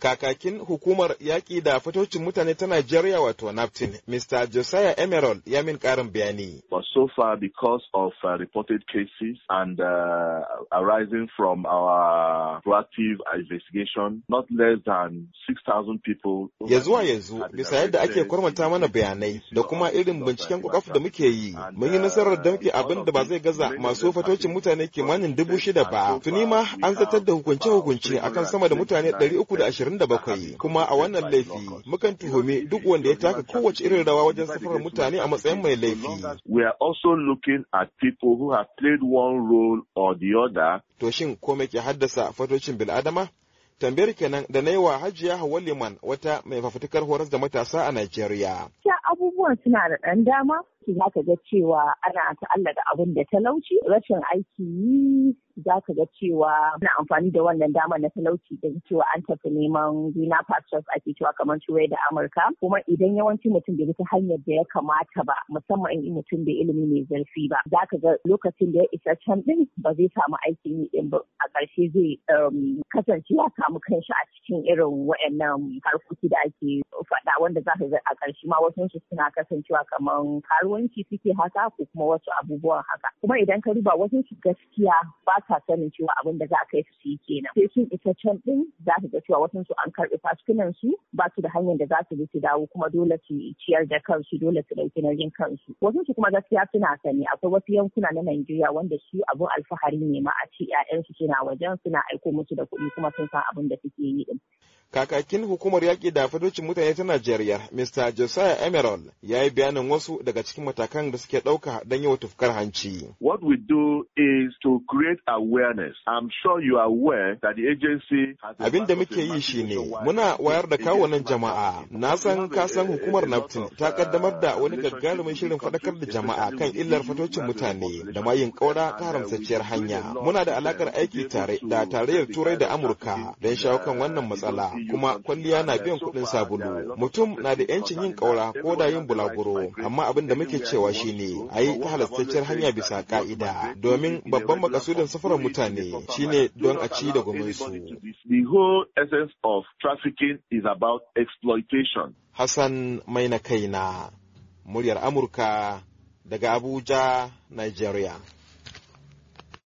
kakakin hukumar yaƙi da fatocin mutane ta Najeriya wato NAFTIN, Mr. Josiah Emerald ya min ƙarin bayani. But so far because of uh, reported cases and uh, arising from our proactive investigation, not less than 6,000 people. Ya zuwa yanzu bisa yadda ake kwarmata mana bayanai da kuma irin binciken kwakwafi da muke yi, mun yi nasarar uh, damƙe abin da ba zai gaza masu fatocin mutane kimanin dubu shida ba. Tuni ma an zartar da hukunce-hukunce akan sama da mutane 320 27 kuma a wannan laifi mukan tuhumi duk wanda ya taka kowace irin rawa wajen safarar mutane a matsayin mai laifi. We are also looking at people who have played one role or the other. To shin kome ke haddasa fatocin bil'adama? tambayar kenan da na yi wa hajiya hawa liman wata mai fafutukar horas da matasa a Najeriya. Ya abubuwan suna da ɗan dama, za ka ga cewa ana ta'allaka abin da talauci, rashin aiki yi za ka ga cewa ana amfani da wannan dama na talauci da cewa an tafi neman greener pastures ake cewa kamar turai da amurka kuma idan yawanci mutum bai ta hanyar da ya kamata ba musamman in mutum bai ilimi mai zurfi ba za ka ga lokacin da ya isa can din ba zai samu aikin yi din ba a ƙarshe zai um, kasance ya samu kanshi a cikin irin waɗannan harkoki da ake faɗa wanda za ka ga a ƙarshe ma wasu suna kasancewa kamar karuwanci suke haka ko kuma wasu abubuwan haka kuma idan ka duba wasu gaskiya ba ka sanin cewa abin da za a kai su su kenan sai sun ita can ɗin za su ga cewa wasan an karɓi fasfinan su ba su da hanyar da za su bi su dawo kuma dole su ciyar da kansu dole su ɗauki nauyin kansu wasu su kuma gaskiya suna sani akwai wasu yankuna na Najeriya wanda su abin alfahari ne ma a ci su suna wajen suna aiko musu da kuɗi kuma sun san abin da suke yi din. Kakakin hukumar yaƙi da fadocin mutane ta Najeriya, Mr. Josiah Emerald, ya yi bayanin wasu daga cikin matakan da suke ɗauka don wa tufkar hanci. What we do is to create a Abin da muke yi shi ne, muna wayar da kawunan jama'a. Na san ka san hukumar Naftin ta kaddamar da uh, wani gagarumin shirin faɗakar da jama'a kan illar fatocin mutane da mayin kaura ta haramtacciyar hanya. Muna da alakar aiki tare da tarayyar Turai da Amurka don shawo kan uh, wannan matsala, kuma kwalliya na biyan kuɗin sabulu. Mutum na da 'yancin yin ƙaura ko da yin bulaguro, amma abin da muke cewa shi ne, a yi ta halastacciyar hanya bisa ƙa'ida, domin babban makasudin safar safarar mutane shine don a ci da gwamnati. The whole essence of trafficking is about exploitation. Hassan mai na kaina, muryar Amurka daga Abuja, Nigeria.